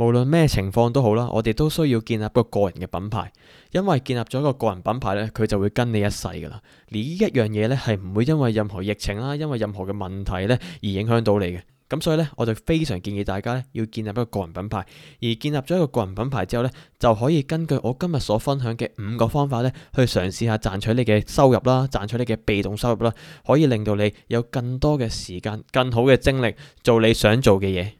無論咩情況都好啦，我哋都需要建立個個人嘅品牌，因為建立咗個個人品牌咧，佢就會跟你一世噶啦。而呢一樣嘢咧係唔會因為任何疫情啦，因為任何嘅問題咧而影響到你嘅。咁所以咧，我就非常建議大家咧要建立一個個人品牌，而建立咗一個個人品牌之後咧，就可以根據我今日所分享嘅五個方法咧去嘗試下賺取你嘅收入啦，賺取你嘅被動收入啦，可以令到你有更多嘅時間、更好嘅精力做你想做嘅嘢。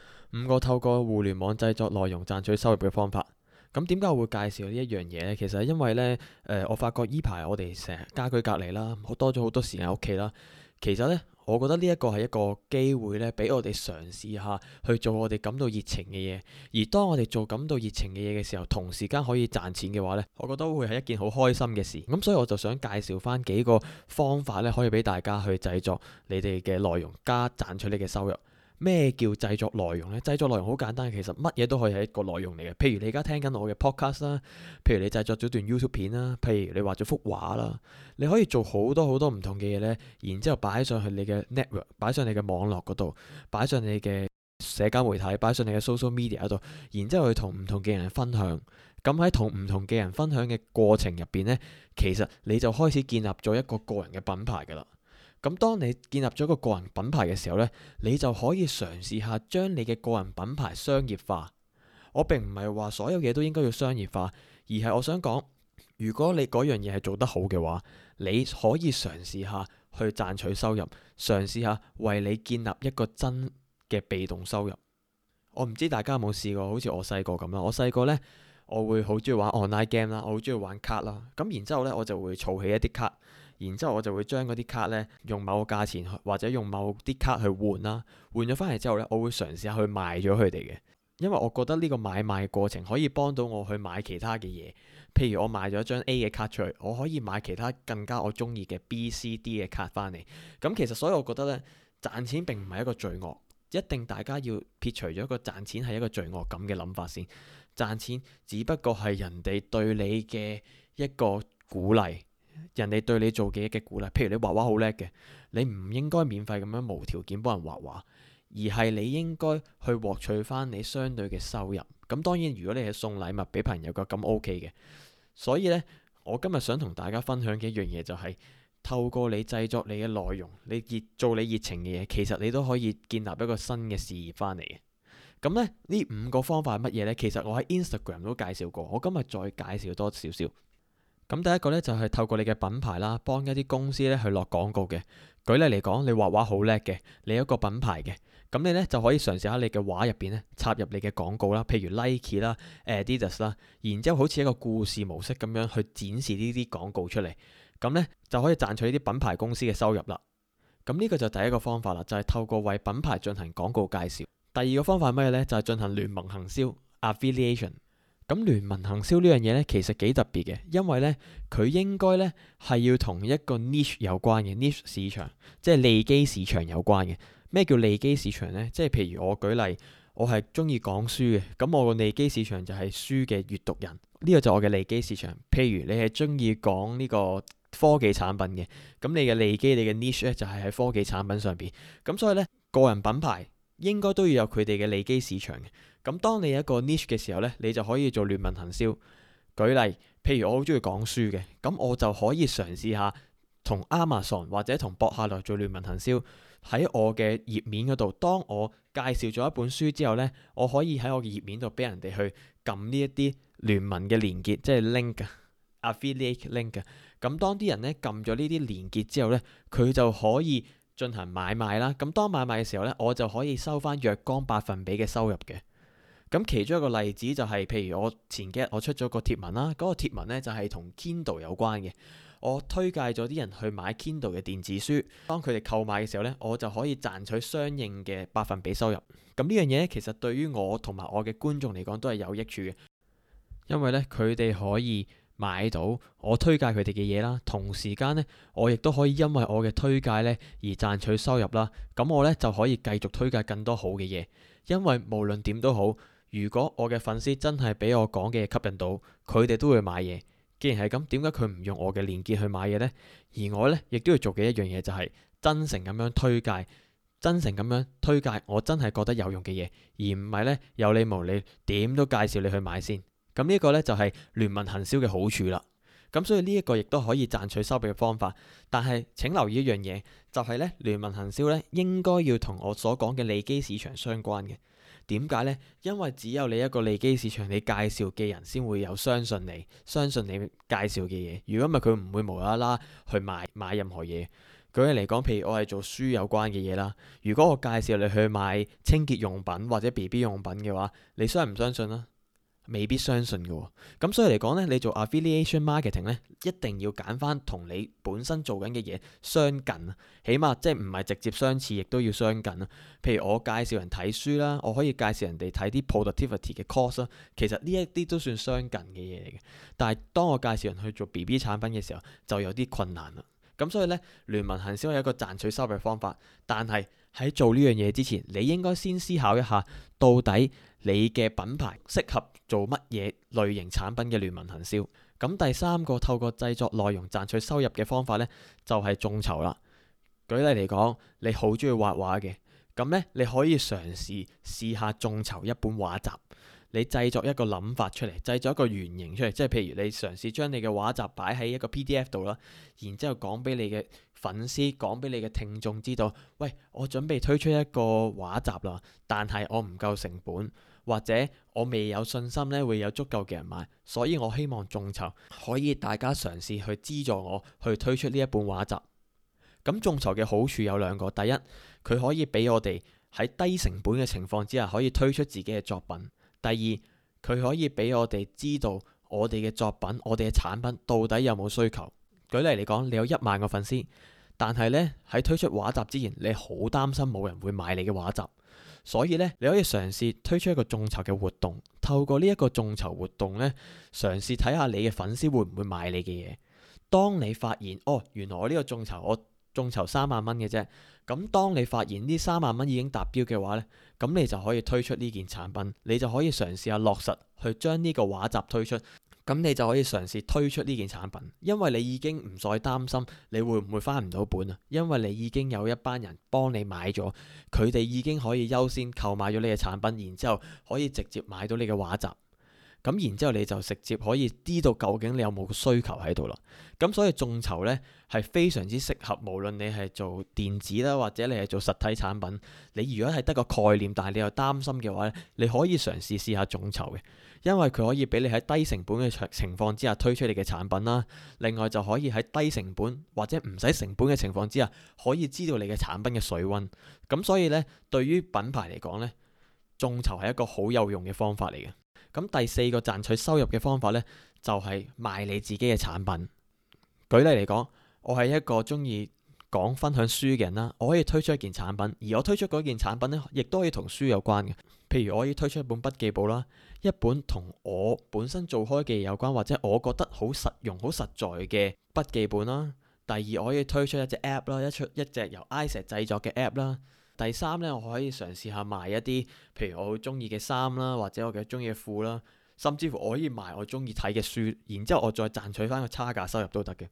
五個透過互聯網製作內容賺取收入嘅方法，咁點解我會介紹呢一樣嘢呢？其實因為呢，誒、呃，我發覺依排我哋成日家居隔離啦，好多咗好多時間喺屋企啦。其實呢，我覺得呢一個係一個機會呢，俾我哋嘗試下去做我哋感到熱情嘅嘢。而當我哋做感到熱情嘅嘢嘅時候，同時間可以賺錢嘅話呢，我覺得會係一件好開心嘅事。咁所以我就想介紹翻幾個方法呢，可以俾大家去製作你哋嘅內容，加賺取你嘅收入。咩叫製作內容呢？製作內容好簡單，其實乜嘢都可以係一個內容嚟嘅。譬如你而家聽緊我嘅 podcast 啦，譬如你製作咗段 YouTube 片啦，譬如你畫咗幅畫啦，你可以做好多好多唔同嘅嘢呢。然之後擺上去你嘅 network，擺上你嘅網絡嗰度，擺上你嘅社交媒體，擺上你嘅 social media 嗰度，然之後去同唔同嘅人分享。咁喺同唔同嘅人分享嘅過程入邊呢，其實你就開始建立咗一個個人嘅品牌㗎啦。咁當你建立咗一個個人品牌嘅時候呢，你就可以嘗試下將你嘅個人品牌商業化。我並唔係話所有嘢都應該要商業化，而係我想講，如果你嗰樣嘢係做得好嘅話，你可以嘗試下去賺取收入，嘗試下為你建立一個真嘅被動收入。我唔知大家有冇試過，好似我細個咁啦。我細個呢，我會好中意玩 online game 啦，我好中意玩卡啦。咁然之後呢，我就會儲起一啲卡。然之後我就會將嗰啲卡咧用某個價錢或者用某啲卡去換啦，換咗翻嚟之後咧，我會嘗試下去賣咗佢哋嘅，因為我覺得呢個買賣嘅過程可以幫到我去買其他嘅嘢，譬如我賣咗一張 A 嘅卡出去，我可以買其他更加我中意嘅 B、C、D 嘅卡翻嚟。咁其實所以我覺得咧，賺錢並唔係一個罪惡，一定大家要撇除咗個賺錢係一個罪惡咁嘅諗法先。賺錢只不過係人哋對你嘅一個鼓勵。人哋對你做嘅嘢嘅鼓勵，譬如你畫畫好叻嘅，你唔應該免費咁樣無條件幫人畫畫，而係你應該去獲取翻你相對嘅收入。咁當然，如果你係送禮物俾朋友嘅，咁 O K 嘅。所以呢，我今日想同大家分享嘅一樣嘢就係、是、透過你製作你嘅內容，你熱做你熱情嘅嘢，其實你都可以建立一個新嘅事業翻嚟嘅。咁呢，呢五個方法係乜嘢呢？其實我喺 Instagram 都介紹過，我今日再介紹多少少。咁第一個咧就係透過你嘅品牌啦，幫一啲公司咧去落廣告嘅。舉例嚟講，你畫畫好叻嘅，你有一個品牌嘅，咁你咧就可以嘗試喺你嘅畫入邊咧插入你嘅廣告啦，譬如 Nike 啦、Adidas 啦，然之後好似一個故事模式咁樣去展示呢啲廣告出嚟，咁咧就可以賺取呢啲品牌公司嘅收入啦。咁呢個就第一個方法啦，就係透過為品牌進行廣告介紹。第二個方法係咩嘢咧？就係進行聯盟行銷 （Affiliation）。Aff 咁聯盟行銷呢樣嘢呢，其實幾特別嘅，因為呢，佢應該呢係要同一個 niche 有關嘅 niche 市場，即係利基市場有關嘅。咩叫利基市場呢？即係譬如我舉例，我係中意講書嘅，咁我個利基市場就係書嘅閱讀人，呢個就我嘅利基市場。譬如你係中意講呢個科技產品嘅，咁你嘅利基，你嘅 niche 呢，就係喺科技產品上邊。咁所以呢，個人品牌，應該都要有佢哋嘅利基市場嘅。咁當你有一個 niche 嘅時候呢，你就可以做聯盟行銷。舉例，譬如我好中意講書嘅，咁我就可以嘗試下同 Amazon 或者同博客來做聯盟行銷。喺我嘅頁面嗰度，當我介紹咗一本書之後呢，我可以喺我嘅頁面度俾人哋去撳呢一啲聯盟嘅連結，即係 link affiliate link 嘅。咁當啲人呢撳咗呢啲連結之後呢，佢就可以。進行買賣啦，咁當買賣嘅時候呢，我就可以收翻若干百分比嘅收入嘅。咁其中一個例子就係，譬如我前幾日我出咗個貼文啦，嗰個貼文呢就係同 Kindle 有關嘅，我推介咗啲人去買 Kindle 嘅電子書，當佢哋購買嘅時候呢，我就可以賺取相應嘅百分比收入。咁呢樣嘢其實對於我同埋我嘅觀眾嚟講都係有益處嘅，因為呢，佢哋可以。買到我推介佢哋嘅嘢啦，同時間呢，我亦都可以因為我嘅推介呢而賺取收入啦。咁我呢就可以繼續推介更多好嘅嘢，因為無論點都好，如果我嘅粉絲真係俾我講嘅嘢吸引到，佢哋都會買嘢。既然係咁，點解佢唔用我嘅連結去買嘢呢？而我呢亦都要做嘅一樣嘢就係，真誠咁樣推介，真誠咁樣推介我真係覺得有用嘅嘢，而唔係呢有理無理點都介紹你去買先。咁呢個呢，就係聯盟行銷嘅好處啦。咁所以呢一個亦都可以賺取收費嘅方法。但係請留意一樣嘢，就係呢聯盟行銷呢，應該要同我所講嘅利基市場相關嘅。點解呢？因為只有你一個利基市場，你介紹嘅人先會有相信你，相信你介紹嘅嘢。如果唔係，佢唔會無啦啦去買買任何嘢。舉例嚟講，譬如我係做書有關嘅嘢啦。如果我介紹你去買清潔用品或者 BB 用品嘅話，你相唔相信呢？未必相信嘅，咁所以嚟講呢，你做 affiliation marketing 呢，一定要揀翻同你本身做緊嘅嘢相近，起碼即係唔係直接相似，亦都要相近啦。譬如我介紹人睇書啦，我可以介紹人哋睇啲 productivity 嘅 course 啦，cost，其實呢一啲都算相近嘅嘢嚟嘅。但係當我介紹人去做 BB 產品嘅時候，就有啲困難啦。咁所以呢，聯盟行銷有一個賺取收入嘅方法，但係。喺做呢樣嘢之前，你應該先思考一下，到底你嘅品牌適合做乜嘢類型產品嘅聯盟行銷。咁第三個透過製作內容賺取收入嘅方法呢，就係眾籌啦。舉例嚟講，你好中意畫畫嘅，咁呢，你可以嘗試試下眾籌一本畫集。你製作一個諗法出嚟，製作一個原型出嚟，即係譬如你嘗試將你嘅畫集擺喺一個 PDF 度啦，然之後講俾你嘅粉絲、講俾你嘅聽眾知道，喂，我準備推出一個畫集啦，但係我唔夠成本，或者我未有信心呢會有足夠嘅人買，所以我希望眾籌可以大家嘗試去資助我去推出呢一本畫集。咁眾籌嘅好處有兩個，第一，佢可以俾我哋喺低成本嘅情況之下可以推出自己嘅作品。第二，佢可以俾我哋知道我哋嘅作品、我哋嘅產品到底有冇需求？舉例嚟講，你有一萬個粉絲，但係呢，喺推出畫集之前，你好擔心冇人會買你嘅畫集，所以呢，你可以嘗試推出一個眾籌嘅活動，透過呢一個眾籌活動呢，嘗試睇下你嘅粉絲會唔會買你嘅嘢。當你發現哦，原來我呢個眾籌我眾籌三萬蚊嘅啫，咁當你發現呢三萬蚊已經達標嘅話呢，咁你就可以推出呢件產品，你就可以嘗試下落實去將呢個畫集推出，咁你就可以嘗試推出呢件產品，因為你已經唔再擔心你會唔會翻唔到本啊，因為你已經有一班人幫你買咗，佢哋已經可以優先購買咗你嘅產品，然之後可以直接買到你嘅畫集。咁，然之後你就直接可以知道究竟你有冇需求喺度啦。咁所以眾籌，眾籌呢係非常之適合，無論你係做電子啦，或者你係做實體產品。你如果係得個概念，但係你又擔心嘅話咧，你可以嘗試試下眾籌嘅，因為佢可以俾你喺低成本嘅情況之下推出你嘅產品啦。另外，就可以喺低成本或者唔使成本嘅情況之下，可以知道你嘅產品嘅水溫。咁所以呢，對於品牌嚟講，呢眾籌係一個好有用嘅方法嚟嘅。咁第四個賺取收入嘅方法呢，就係賣你自己嘅產品。舉例嚟講，我係一個鍾意講分享書嘅人啦，我可以推出一件產品，而我推出嗰件產品呢，亦都可以同書有關嘅。譬如我可以推出一本筆記簿啦，一本同我本身做開嘅有關或者我覺得好實用好實在嘅筆記本啦。第二，我可以推出一隻 App 啦，一出一隻由 i 石製作嘅 App 啦。第三呢，我可以嘗試下賣一啲，譬如我好中意嘅衫啦，或者我嘅中意嘅褲啦，甚至乎我可以賣我中意睇嘅書，然之後我再賺取翻個差價收入都得嘅。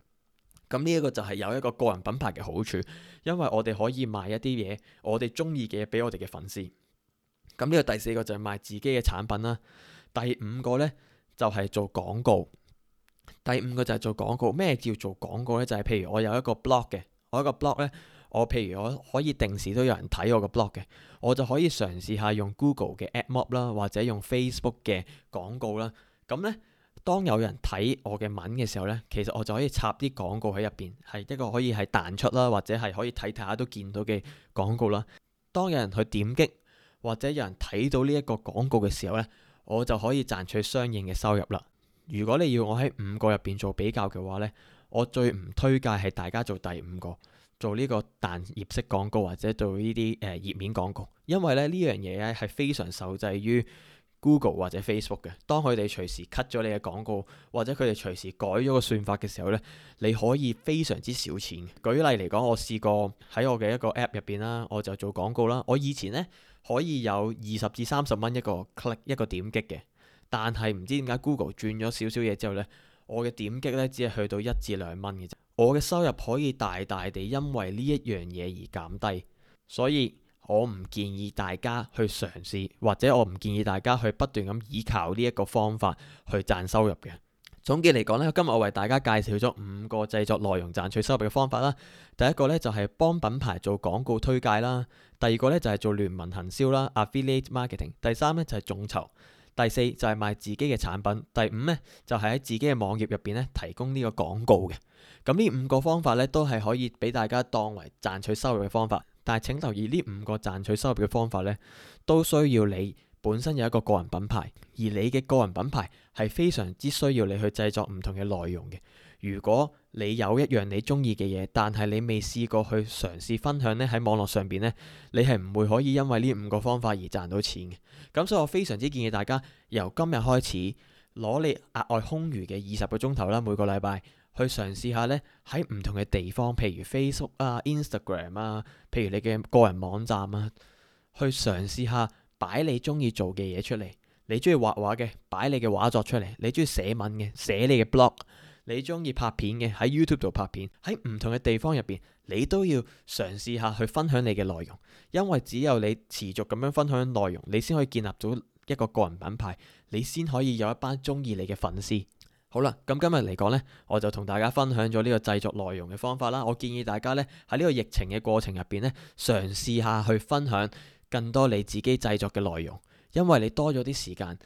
咁呢一個就係有一個個人品牌嘅好處，因為我哋可以賣一啲嘢，我哋中意嘅嘢俾我哋嘅粉絲。咁呢個第四個就係賣自己嘅產品啦。第五個呢，就係、是、做廣告。第五個就係做廣告。咩叫做廣告呢？就係、是、譬如我有一個 blog 嘅，我一個 blog 呢。我譬如我可以定時都有人睇我個 blog 嘅，我就可以嘗試下用 Google 嘅 AdMob 啦，或者用 Facebook 嘅廣告啦。咁呢，當有人睇我嘅文嘅時候呢，其實我就可以插啲廣告喺入邊，係一個可以係彈出啦，或者係可以睇睇下都見到嘅廣告啦。當有人去點擊或者有人睇到呢一個廣告嘅時候呢，我就可以賺取相應嘅收入啦。如果你要我喺五個入邊做比較嘅話呢，我最唔推介係大家做第五個。做呢個彈頁式廣告或者做呢啲誒頁面廣告，因為咧呢樣嘢咧係非常受制於 Google 或者 Facebook 嘅。當佢哋隨時 cut 咗你嘅廣告，或者佢哋隨時改咗個算法嘅時候咧，你可以非常之少錢。舉例嚟講，我試過喺我嘅一個 App 入邊啦，我就做廣告啦。我以前咧可以有二十至三十蚊一個 click 一個點擊嘅，但係唔知點解 Google 轉咗少少嘢之後咧，我嘅點擊咧只係去到一至兩蚊嘅啫。我嘅收入可以大大地因為呢一樣嘢而減低，所以我唔建議大家去嘗試，或者我唔建議大家去不斷咁依靠呢一個方法去賺收入嘅。總結嚟講呢，今日我為大家介紹咗五個製作內容賺取收入嘅方法啦。第一個呢，就係幫品牌做廣告推介啦，第二個呢，就係做聯盟行銷啦 （affiliate marketing），第三呢，就係眾籌。第四就係賣自己嘅產品，第五呢就係喺自己嘅網頁入邊咧提供呢個廣告嘅。咁呢五個方法呢都係可以俾大家當為賺取收入嘅方法。但係請留意呢五個賺取收入嘅方法呢，都需要你本身有一個個人品牌，而你嘅個人品牌係非常之需要你去製作唔同嘅內容嘅。如果你有一樣你中意嘅嘢，但係你未試過去嘗試分享呢喺網絡上邊呢，你係唔會可以因為呢五個方法而賺到錢嘅。咁所以我非常之建議大家由今日開始攞你額外空餘嘅二十個鐘頭啦，每個禮拜去嘗試下呢喺唔同嘅地方，譬如 Facebook 啊、Instagram 啊，譬如你嘅個人網站啊，去嘗試下擺你中意做嘅嘢出嚟。你中意畫畫嘅，擺你嘅畫作出嚟；你中意寫文嘅，寫你嘅 blog。你中意拍片嘅喺 YouTube 度拍片，喺唔同嘅地方入邊，你都要嘗試下去分享你嘅內容，因為只有你持續咁樣分享內容，你先可以建立到一個個人品牌，你先可以有一班中意你嘅粉絲。好啦，咁、嗯、今日嚟講呢，我就同大家分享咗呢個製作內容嘅方法啦。我建議大家呢，喺呢個疫情嘅過程入邊呢，嘗試下去分享更多你自己製作嘅內容，因為你多咗啲時間。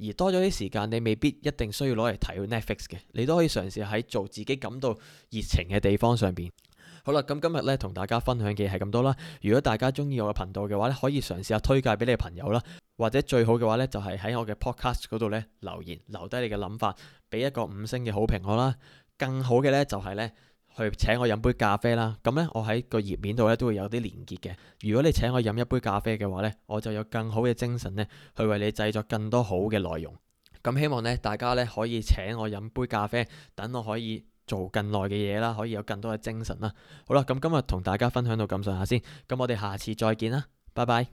而多咗啲時間，你未必一定需要攞嚟睇 Netflix 嘅，你都可以嘗試喺做自己感到熱情嘅地方上邊。好啦，咁、嗯、今日呢，同大家分享嘅係咁多啦。如果大家中意我嘅頻道嘅話呢，可以嘗試下推介俾你嘅朋友啦，或者最好嘅話呢，就係、是、喺我嘅 podcast 嗰度呢，留言留低你嘅諗法，俾一個五星嘅好評我啦。更好嘅呢，就係、是、呢。去請我飲杯咖啡啦，咁呢，我喺個頁面度呢都會有啲連結嘅。如果你請我飲一杯咖啡嘅話呢，我就有更好嘅精神呢去為你製作更多好嘅內容。咁希望呢，大家呢可以請我飲杯咖啡，等我可以做更耐嘅嘢啦，可以有更多嘅精神啦。好啦，咁今日同大家分享到咁上下先，咁我哋下次再見啦，拜拜。